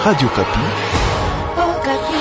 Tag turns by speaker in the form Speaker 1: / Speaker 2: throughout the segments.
Speaker 1: Radio Kapi. Oh, Kapi.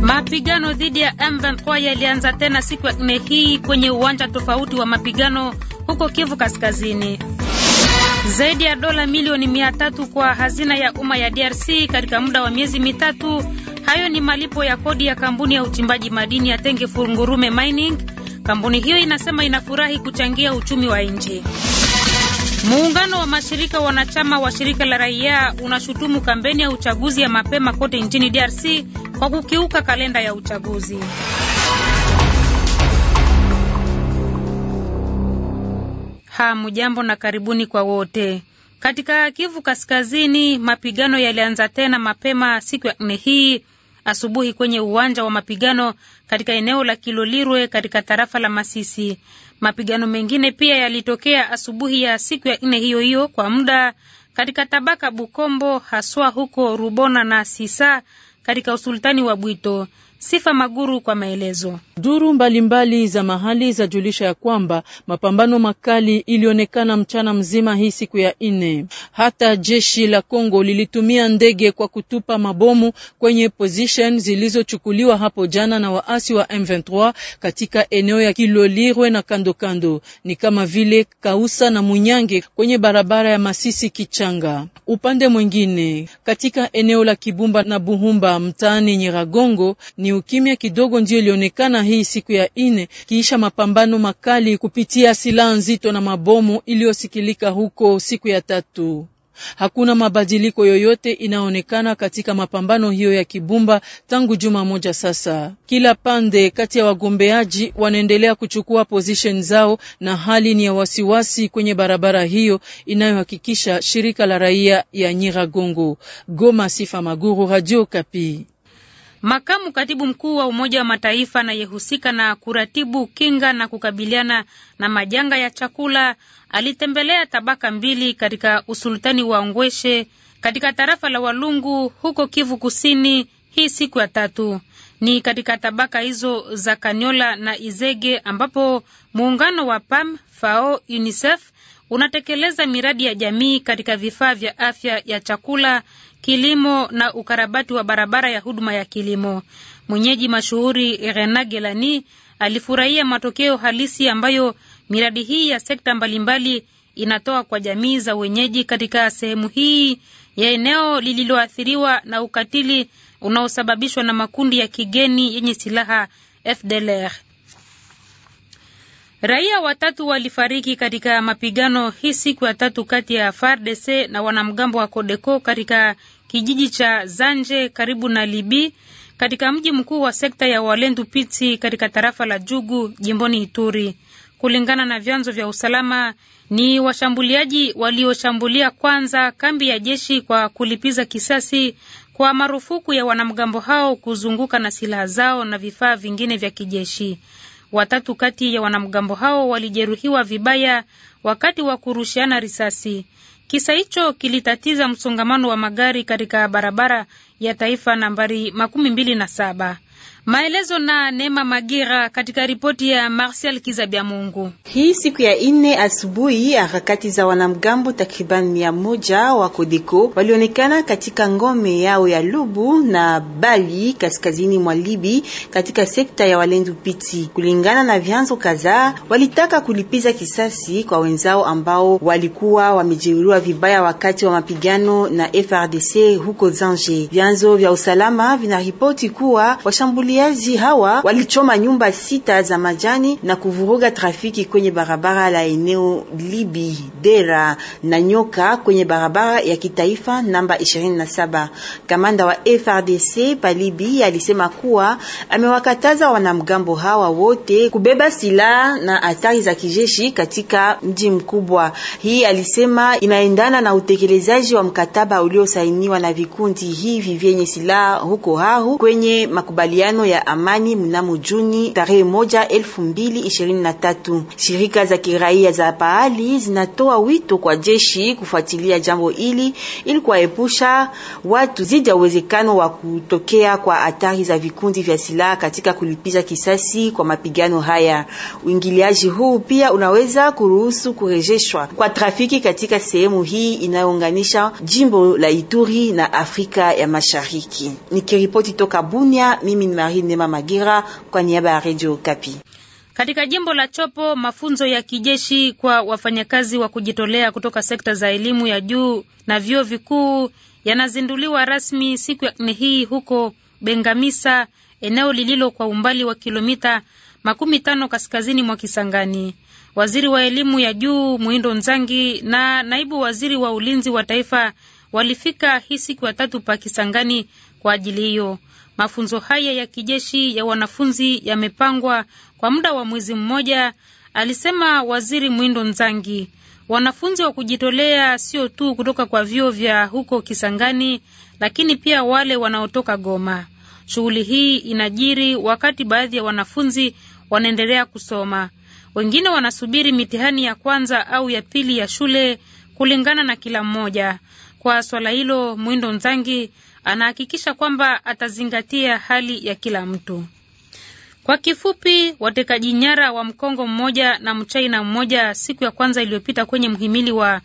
Speaker 2: Mapigano dhidi ya M23 yalianza tena siku ya nne hii kwenye uwanja tofauti wa mapigano huko Kivu Kaskazini. Zaidi ya dola milioni mia tatu kwa hazina ya umma ya DRC katika muda wa miezi mitatu Hayo ni malipo ya kodi ya kampuni ya uchimbaji madini ya Tenge Fungurume Mining. Kampuni hiyo inasema inafurahi kuchangia uchumi wa nchi. Muungano wa mashirika wanachama wa shirika la raia unashutumu kampeni ya uchaguzi ya mapema kote nchini DRC kwa kukiuka kalenda ya uchaguzi. Hamujambo na karibuni kwa wote. Katika Kivu Kaskazini, mapigano yalianza tena mapema siku ya nne hii asubuhi kwenye uwanja wa mapigano katika eneo la Kilolirwe katika tarafa la Masisi. Mapigano mengine pia yalitokea asubuhi ya siku ya nne hiyo hiyo kwa muda katika tabaka Bukombo, haswa huko Rubona na Sisa katika usultani wa Bwito. Sifa
Speaker 3: Maguru kwa maelezo. Duru mbalimbali mbali za mahali za julisha ya kwamba mapambano makali ilionekana mchana mzima hii siku ya nne. Hata jeshi la Kongo lilitumia ndege kwa kutupa mabomu kwenye position zilizochukuliwa hapo jana na waasi wa M23 katika eneo ya Kilolirwe na kandokando kando, ni kama vile Kausa na Munyange kwenye barabara ya Masisi Kichanga. Upande mwingine katika eneo la Kibumba na Buhumba mtaani Nyiragongo ni ni ukimya kidogo ndio ilionekana hii siku ya ine kiisha mapambano makali kupitia silaha nzito na mabomu iliyosikilika huko siku ya tatu. Hakuna mabadiliko yoyote inaonekana katika mapambano hiyo ya Kibumba tangu juma moja sasa. Kila pande kati ya wagombeaji wanaendelea kuchukua position zao, na hali ni ya wasiwasi kwenye barabara hiyo inayohakikisha shirika la raia ya Nyiragongo. Goma, Sifa Maguru, Radio Kapi. Makamu katibu mkuu wa
Speaker 2: Umoja wa Mataifa anayehusika na kuratibu kinga na kukabiliana na majanga ya chakula alitembelea tabaka mbili katika usultani wa Ngweshe katika tarafa la Walungu huko Kivu Kusini hii siku ya tatu. Ni katika tabaka hizo za Kanyola na Izege ambapo muungano wa PAM, FAO, UNICEF unatekeleza miradi ya jamii katika vifaa vya afya ya chakula kilimo na ukarabati wa barabara ya huduma ya kilimo. Mwenyeji mashuhuri Rena Gelani alifurahia matokeo halisi ambayo miradi hii ya sekta mbalimbali inatoa kwa jamii za wenyeji katika sehemu hii ya eneo lililoathiriwa na ukatili unaosababishwa na makundi ya kigeni yenye silaha FDLR. Raia watatu walifariki katika mapigano hii siku ya tatu kati ya FARDC na wanamgambo wa Kodeko katika kijiji cha Zanje karibu na Libi katika mji mkuu wa sekta ya Walendu pitsi katika tarafa la Jugu jimboni Ituri. Kulingana na vyanzo vya usalama, ni washambuliaji walioshambulia kwanza kambi ya jeshi kwa kulipiza kisasi kwa marufuku ya wanamgambo hao kuzunguka na silaha zao na vifaa vingine vya kijeshi. Watatu kati ya wanamgambo hao walijeruhiwa vibaya wakati wa kurushiana risasi. Kisa hicho kilitatiza msongamano wa magari katika barabara ya taifa nambari makumi mbili na saba. Maelezo na Nema Magira katika ripoti ya Marcel Mungu.
Speaker 4: Hii siku ya ine asubuhi, harakati za wanamgambo takriban mia moja wa Kodeko walionekana katika ngome yao ya Lubu na Bali kaskazini mwa Libi katika sekta ya Walendu Piti. Kulingana na vyanzo kadhaa, walitaka kulipiza kisasi kwa wenzao ambao walikuwa wamejeruhiwa vibaya wakati wa mapigano na FRDC huko Zanje. Vyanzo vya usalama vinaripoti kuwa washambuli Washambuliaji hawa walichoma nyumba sita za majani na kuvuruga trafiki kwenye barabara la eneo Libi Dera na Nyoka kwenye barabara ya kitaifa namba 27. Kamanda wa FRDC Palibi alisema kuwa amewakataza wanamgambo hawa wote kubeba silaha na hatari za kijeshi katika mji mkubwa. Hii alisema inaendana na utekelezaji wa mkataba uliosainiwa na vikundi hivi vyenye silaha huko hahu kwenye makubaliano mapatano ya amani mnamo Juni tarehe moja elfu mbili ishirini na tatu. Shirika za kiraia za pahali zinatoa wito kwa jeshi kufuatilia jambo hili ili kuwaepusha watu zidi ya uwezekano wa kutokea kwa hatari za vikundi vya silaha katika kulipiza kisasi kwa mapigano haya. Uingiliaji huu pia unaweza kuruhusu kurejeshwa kwa trafiki katika sehemu hii inayounganisha jimbo la Ituri na Afrika ya Mashariki. Nikiripoti toka Bunia, mimi ni Marine Nema Magira kwa niaba ya Radio Kapi.
Speaker 2: Katika jimbo la Chopo, mafunzo ya kijeshi kwa wafanyakazi wa kujitolea kutoka sekta za elimu ya juu na vyuo vikuu yanazinduliwa rasmi siku ya nne hii huko Bengamisa, eneo lililo kwa umbali wa kilomita makumi tano kaskazini mwa Kisangani. Waziri wa elimu ya juu Mwindo Nzangi na naibu waziri wa ulinzi wa taifa walifika hii siku ya tatu pa Kisangani kwa ajili hiyo. Mafunzo haya ya kijeshi ya wanafunzi yamepangwa kwa muda wa mwezi mmoja, alisema Waziri Mwindo Nzangi. Wanafunzi wa kujitolea sio tu kutoka kwa vyuo vya huko Kisangani, lakini pia wale wanaotoka Goma. Shughuli hii inajiri wakati baadhi ya wanafunzi wanaendelea kusoma, wengine wanasubiri mitihani ya kwanza au ya pili ya shule, kulingana na kila mmoja. Kwa swala hilo, Mwindo Nzangi anahakikisha kwamba atazingatia hali ya kila mtu. Kwa kifupi, watekaji nyara wa Mkongo mmoja na Mchaina mmoja siku ya kwanza iliyopita kwenye mhimili wa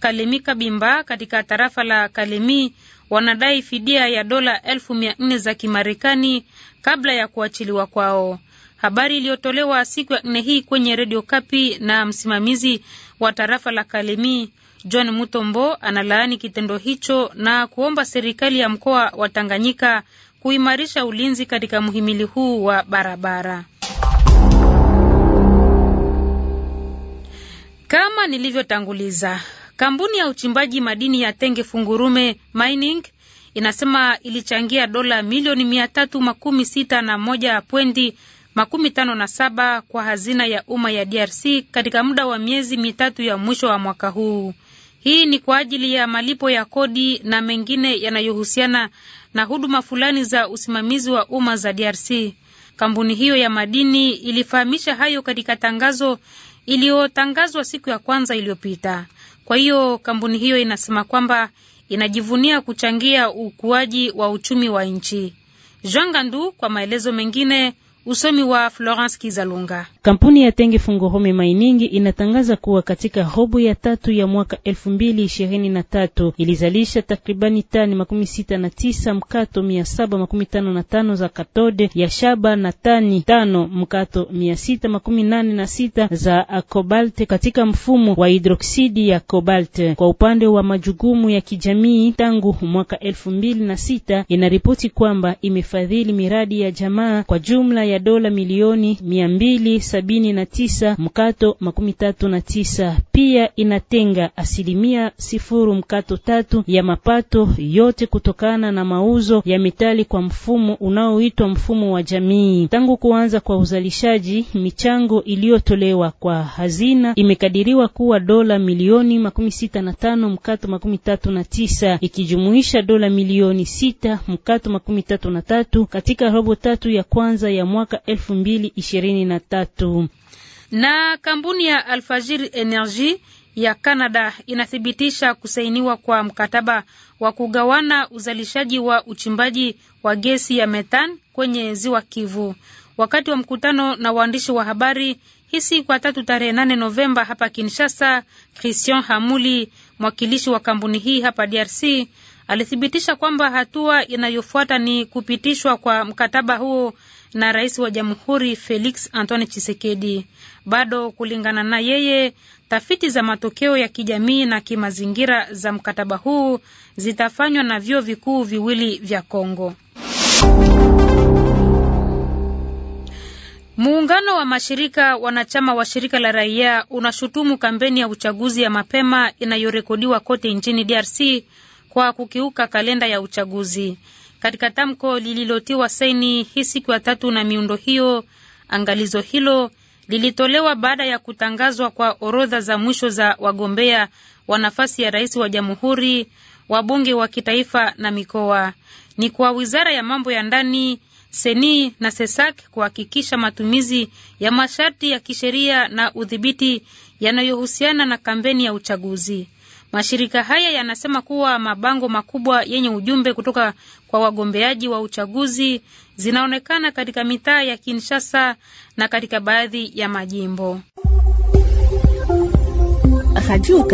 Speaker 2: Kalemi Kabimba katika tarafa la Kalemi wanadai fidia ya dola elfu mia nne za Kimarekani kabla ya kuachiliwa kwao. Habari iliyotolewa siku ya nne hii kwenye redio Kapi na msimamizi wa tarafa la Kalemi John Mutombo analaani kitendo hicho na kuomba serikali ya mkoa wa Tanganyika kuimarisha ulinzi katika mhimili huu wa barabara. Kama nilivyotanguliza, kampuni ya uchimbaji madini ya Tenge Fungurume Mining inasema ilichangia dola milioni mia tatu makumi sita na moja pwendi makumi tano na saba kwa hazina ya umma ya DRC katika muda wa miezi mitatu ya mwisho wa mwaka huu. Hii ni kwa ajili ya malipo ya kodi na mengine yanayohusiana na huduma fulani za usimamizi wa umma za DRC. Kampuni hiyo ya madini ilifahamisha hayo katika tangazo iliyotangazwa siku ya kwanza iliyopita. Kwa hiyo kampuni hiyo inasema kwamba inajivunia kuchangia ukuaji wa uchumi wa nchi. Jean Gandu kwa maelezo mengine Usomi wa Florence Kizalunga.
Speaker 5: Kampuni ya Tenge fungurume Mainingi inatangaza kuwa katika robo ya tatu ya mwaka elfu mbili ishirini na tatu ilizalisha takribani tani makumi sita na tisa mkato mia saba makumi tano na tano za katode ya shaba na tani tano mkato mia sita makumi nane na sita za kobalte katika mfumo wa hidroksidi ya kobalte. Kwa upande wa majugumu ya kijamii, tangu mwaka elfu mbili na sita inaripoti kwamba imefadhili miradi ya jamaa kwa jumla ya dola milioni mia mbili sabini na tisa mkato makumi tatu na tisa. Pia inatenga asilimia sifuru mkato tatu ya mapato yote kutokana na mauzo ya metali kwa mfumo unaoitwa mfumo wa jamii. Tangu kuanza kwa uzalishaji, michango iliyotolewa kwa hazina imekadiriwa kuwa dola milioni makumi sita na tano mkato makumi tatu na tisa ikijumuisha dola milioni sita mkato makumi tatu na tatu katika robo tatu ya kwanza ya mwa mwaka elfu mbili ishirini na tatu.
Speaker 2: Na kampuni ya Alfajir Energy ya Canada inathibitisha kusainiwa kwa mkataba wa kugawana uzalishaji wa uchimbaji wa gesi ya methan kwenye ziwa Kivu. Wakati wa mkutano na waandishi wa habari hii siku ya tatu tarehe nane Novemba hapa Kinshasa, Christian Hamuli, mwakilishi wa kampuni hii hapa DRC, alithibitisha kwamba hatua inayofuata ni kupitishwa kwa mkataba huo na rais wa jamhuri Felix Antoine Chisekedi. Bado kulingana na yeye, tafiti za matokeo ya kijamii na kimazingira za mkataba huu zitafanywa na vyuo vikuu viwili vya Kongo. Muungano wa mashirika wanachama wa shirika la raia unashutumu kampeni ya uchaguzi ya mapema inayorekodiwa kote nchini DRC kwa kukiuka kalenda ya uchaguzi katika tamko lililotiwa saini hii siku ya tatu na miundo hiyo. Angalizo hilo lilitolewa baada ya kutangazwa kwa orodha za mwisho za wagombea wa nafasi ya rais wa jamhuri, wabunge wa kitaifa na mikoa. Ni kwa wizara ya mambo ya ndani seni na sesak kuhakikisha matumizi ya masharti ya kisheria na udhibiti yanayohusiana na kampeni ya uchaguzi. Mashirika haya yanasema kuwa mabango makubwa yenye ujumbe kutoka kwa wagombeaji wa uchaguzi zinaonekana katika mitaa ya Kinshasa na katika baadhi ya majimbo. Radio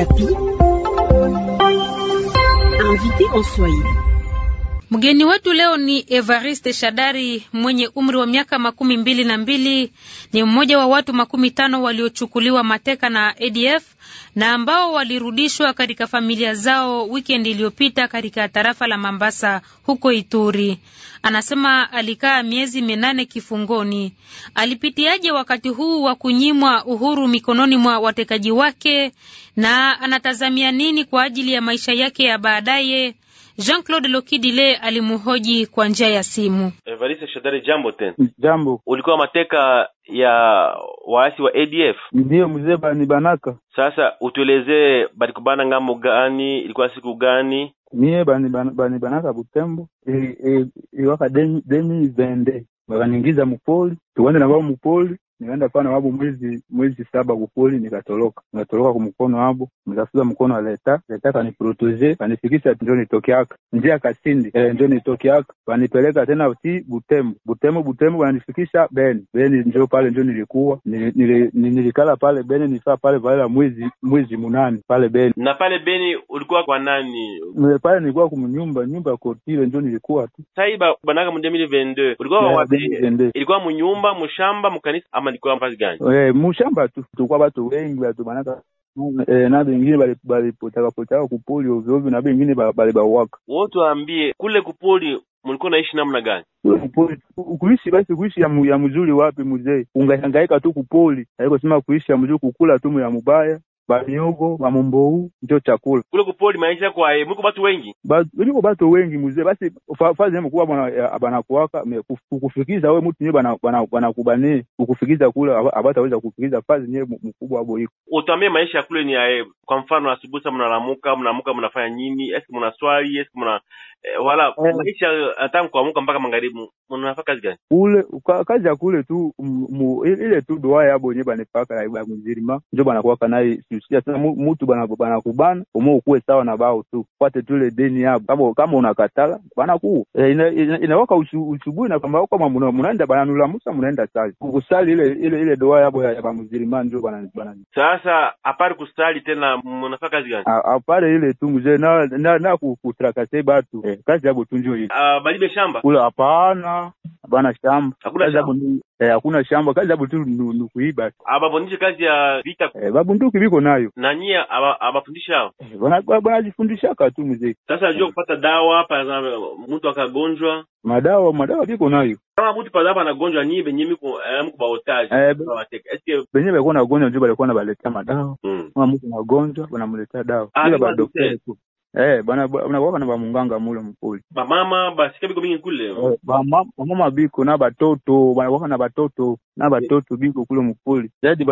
Speaker 2: Mgeni wetu leo ni Evariste Shadari mwenye umri wa miaka makumi mbili na mbili. Ni mmoja wa watu makumi tano waliochukuliwa mateka na ADF na ambao walirudishwa katika familia zao wikendi iliyopita katika tarafa la Mambasa huko Ituri. Anasema alikaa miezi minane kifungoni. Alipitiaje wakati huu wa kunyimwa uhuru mikononi mwa watekaji wake, na anatazamia nini kwa ajili ya maisha yake ya baadaye? Jean-Claude Lokidile alimuhoji kwa njia ya simu.
Speaker 6: Evariste Shadari, jambo tena. Jambo. Ulikuwa mateka ya waasi wa ADF?
Speaker 2: Ndiyo mzee,
Speaker 7: bani banaka.
Speaker 6: Sasa utuelezee balikubana ngamo gani, ilikuwa siku gani?
Speaker 7: Mie bani bani banaka Butembo iwaka e, e, demi vende bakaningiza mupoli tuwende na wao mupoli nikaenda pale wabu mwezi mwezi saba kukuli, nikatoroka nikatoroka ku mkono wabu, nikafuza mkono wa leta leta, kaniproteje kanifikisha ndio nitokeaka njia Kasindi eh, ndio nitokeaka, wanipeleka tena ti Butembo Butembo Butembo, wananifikisha Beni Beni, njo pale njo nilikuwa nil, nil, nil, nilikala pale Beni, nifaa pale valela mwezi mwezi munani pale Beni. Na
Speaker 6: pale Beni ulikuwa kwa nani?
Speaker 7: Mle pale nilikuwa kumnyumba nyumba ya kotile, njo nilikuwa tu
Speaker 6: saiba banaka mu 2022 ulikuwa wa wapi? Ilikuwa munyumba mushamba mukanisa ni kwa mfasi gani? Eh,
Speaker 7: mushamba tu tukwa watu wengi watu banaka E, eh, na bengine potaka kupoli ovyoovyo na bengine balibawaka.
Speaker 6: Wewe tuambie kule kupoli mlikuwa naishi namna gani?
Speaker 7: kuishi basi, kuishi ya, ya mzuri wapi mzee? Ungahangaika tu kupoli, haiko sema kuishi ya mzuri, kukula tu ya mubaya bamiogo mamombou ndio chakula
Speaker 6: kule kupoli maisha kwa e, mko watu wengi
Speaker 7: niko watu wengi mzee basi fazi bwana eh, abana banakuwaka kukufikiza wewe mtu nyewe kubane kukufikiza kule abataweza kufikiza fazi nyewe mkubwa hapo iko
Speaker 6: utambie maisha kule ni ae kwa mfano asubuhi mnalamuka mnamuka mnafanya nini eski mnaswali eski mna e, eh, wala eh, maisha eh, tangu kuamuka mpaka magharibi mnafanya kazi gani
Speaker 7: kule kazi ya kule tu m, m, ile tu doa yabo nyewe na ibaguzirima mzirima njo banakuwaka naye ukishikia sasa mutu bana kubana ume ukuwe sawa na bao tu pate tule deni yabo kama kama unakatala bana e, inawaka ina usubuhi na kwamba munaenda bana nulamusa munaenda sali kusali ile ile ile doa yabo ya bamuzirima ndio bana bana
Speaker 6: sasa apari kusali tena munafaa kazi gani
Speaker 7: apari ile tu mzee na na, na kutrakase batu eh, kazi yabo tu ndio ile uh,
Speaker 6: ah, balibe shamba kula
Speaker 7: hapana bana shamba hakuna shamba Eh, hakuna shamba kazi abu tu nukuiba
Speaker 6: ah, ababundishe kazi ya vita eh,
Speaker 7: babunduki biko nayo
Speaker 6: na nyie abafundisha
Speaker 7: aba eh, banazifundishaka tu mzee.
Speaker 6: Sasa ajua kupata dawa hapa, mtu akagonjwa
Speaker 7: madawa madawa biko nayo
Speaker 6: kama mtu padapa anagonjwa nyie benye miko mkubaotaji eh, ba eh, eske
Speaker 7: benye na balikuwa nagonjwa njo balikuwa baletea madawa mm. kama mtu nagonjwa banamletea dawa ah, ila ba tu Eh, bana bana na bamunganga mule mukuli.
Speaker 6: Bamama basika biko mingi kule. Eh,
Speaker 7: bamama biko na batoto, bana na batoto na batoto biko kule mkuli zaidi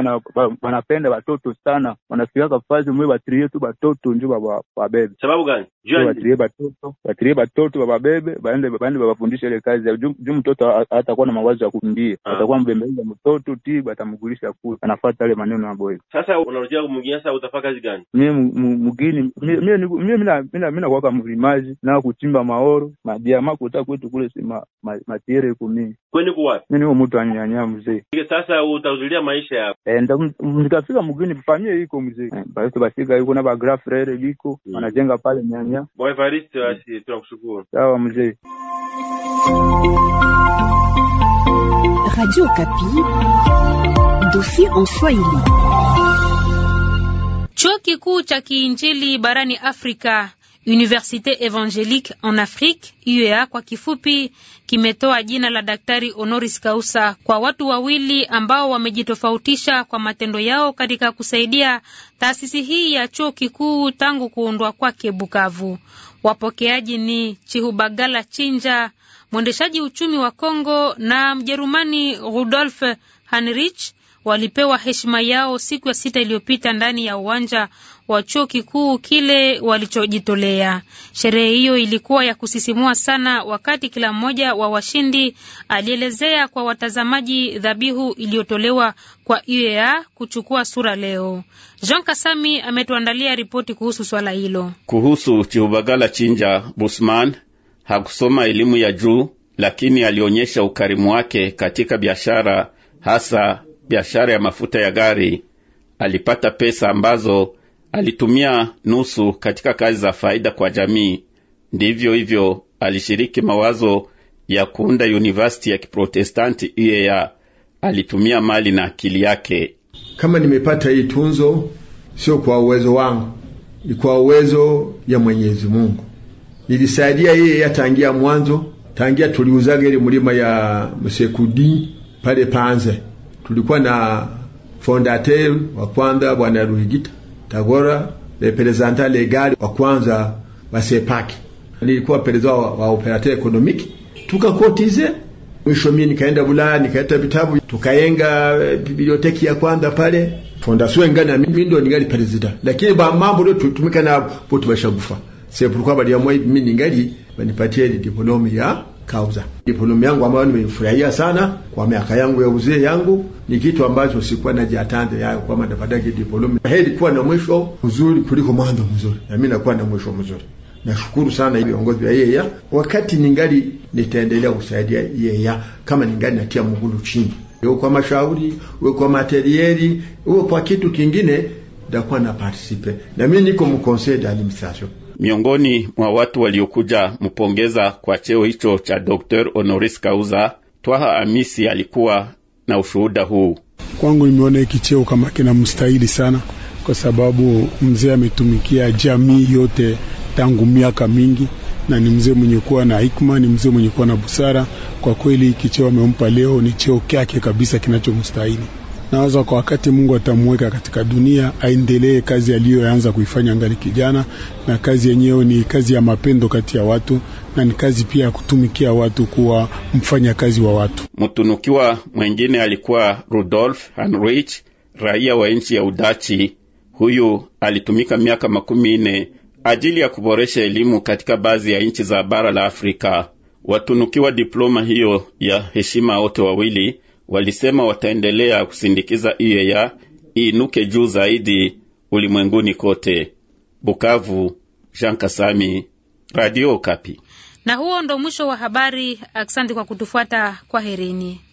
Speaker 7: wanapenda ba, batoto sana, wanafikaka fazi mwe batrie tu batoto njo babebe.
Speaker 6: Sababu gani? Batirie
Speaker 7: batoto, batirie batoto bababebe, baende baende babafundisha ile kazi juu. Mtoto atakuwa na mawazo ya kumbia, ah. atakuwa mbembeleza mtoto ti batamgulisha kule, anafuata ile maneno ya boy.
Speaker 6: Sasa unarudia kumgini, sasa utafanya kazi gani?
Speaker 7: Mimi mgini, mimi mimi nakuwaka mlimaji na kuchimba maoro madia mako kwetu kule, sima matiere kumi kweni kuwapi? Mimi ni mtu anyanyamu mzee mzee.
Speaker 6: Sasa utazulia maisha yako
Speaker 7: e, eh, ndo nikafika mgini pamie iko mzee e, eh. basi bafika iko na bagrafrere biko mm. wanajenga pale nyanya
Speaker 6: bwana Evariste basi tunakushukuru.
Speaker 7: Sawa mzee.
Speaker 4: Radio Kapi, dossier en Swahili.
Speaker 2: Chuo kikuu cha Kiinjili barani Afrika Université évangélique en Afrique UEA kwa kifupi, kimetoa jina la daktari honoris causa kwa watu wawili ambao wamejitofautisha kwa matendo yao katika kusaidia taasisi hii ya chuo kikuu tangu kuundwa kwake Bukavu. Wapokeaji ni Chihubagala Chinja, mwendeshaji uchumi wa Kongo na Mjerumani Rudolf Heinrich walipewa heshima yao siku ya sita iliyopita ndani ya uwanja wa chuo kikuu kile walichojitolea. Sherehe hiyo ilikuwa ya kusisimua sana, wakati kila mmoja wa washindi alielezea kwa watazamaji dhabihu iliyotolewa kwa UEA kuchukua sura leo. Jean Kasami ametuandalia ripoti kuhusu swala hilo.
Speaker 8: Kuhusu Chihubagala Chinja Busman, hakusoma elimu ya juu, lakini alionyesha ukarimu wake katika biashara hasa biashara ya mafuta ya gari. Alipata pesa ambazo alitumia nusu katika kazi za faida kwa jamii. Ndivyo hivyo alishiriki mawazo ya kuunda yunivasiti ya Kiprotestanti UEA. Alitumia mali na akili yake.
Speaker 1: Kama nimepata hii tunzo, sio kwa uwezo wangu, ni kwa uwezo ya Mwenyezi Mungu. Nilisaidia yeye tangia mwanzo, tangia tuliuzaga ile mulima ya Msekudi pale Panze tulikuwa na fondateur wa kwanza Bwana Ruhigita Tagora, representant legal wa kwanza wa Sepaki, nilikuwa pereza wa, wa operateur economique. Tukakotize mwisho, mimi nikaenda Bulaya nikaleta vitabu, tukayenga eh, biblioteki ya kwanza pale fondation ngana, mimi ndio ningali president, lakini ba mambo leo tutumika na botu bashagufa sepulukwa bali ya mimi ningali banipatie diplome ya kauza. Diplomu yangu ambayo nimeifurahia sana kwa miaka yangu ya uzee yangu ni kitu ambacho sikuwa na jatanze yayo kwamba nitapata diplomu. Heri kuwa na mwisho mzuri kuliko mwanzo mzuri, na mimi nakuwa na mwisho mzuri. Nashukuru sana viongozi wa yeya, wakati ningali nitaendelea kusaidia yeya kama ningali natia mgulu
Speaker 8: chini, uwe
Speaker 1: kwa mashauri, uwe kwa materieli, uwe kwa kitu kingine, ndakuwa na participe na mimi niko mu conseil d'administration.
Speaker 8: Miongoni mwa watu waliokuja mpongeza kwa cheo hicho cha Dr. Honoris Causa, Twaha Amisi alikuwa na ushuhuda huu.
Speaker 1: Kwangu nimeona hiki cheo kama kina mstahili sana, kwa sababu mzee ametumikia jamii yote tangu miaka mingi, na ni mzee mwenye kuwa na hikma, ni mzee mwenye kuwa na busara. Kwa kweli hiki cheo amempa leo ni cheo kyake kabisa kinachomstahili nawaza kwa wakati Mungu atamweka katika dunia aendelee kazi aliyoanza kuifanya ngali kijana, na kazi yenyewe ni kazi ya mapendo kati ya watu na ni kazi pia ya kutumikia watu, kuwa mfanya kazi wa watu.
Speaker 8: Mtunukiwa mwengine alikuwa Rudolf Heinrich, raia wa nchi ya Udachi. Huyu alitumika miaka makumi nne ajili ya kuboresha elimu katika baadhi ya nchi za bara la Afrika. Watunukiwa diploma hiyo ya heshima wote wawili walisema wataendelea kusindikiza IEA iinuke juu zaidi ulimwenguni kote. Bukavu, Jean Kasami, Radio Kapi.
Speaker 2: Na huo ndo mwisho wa habari. Asante kwa kutufuata, kwa herini.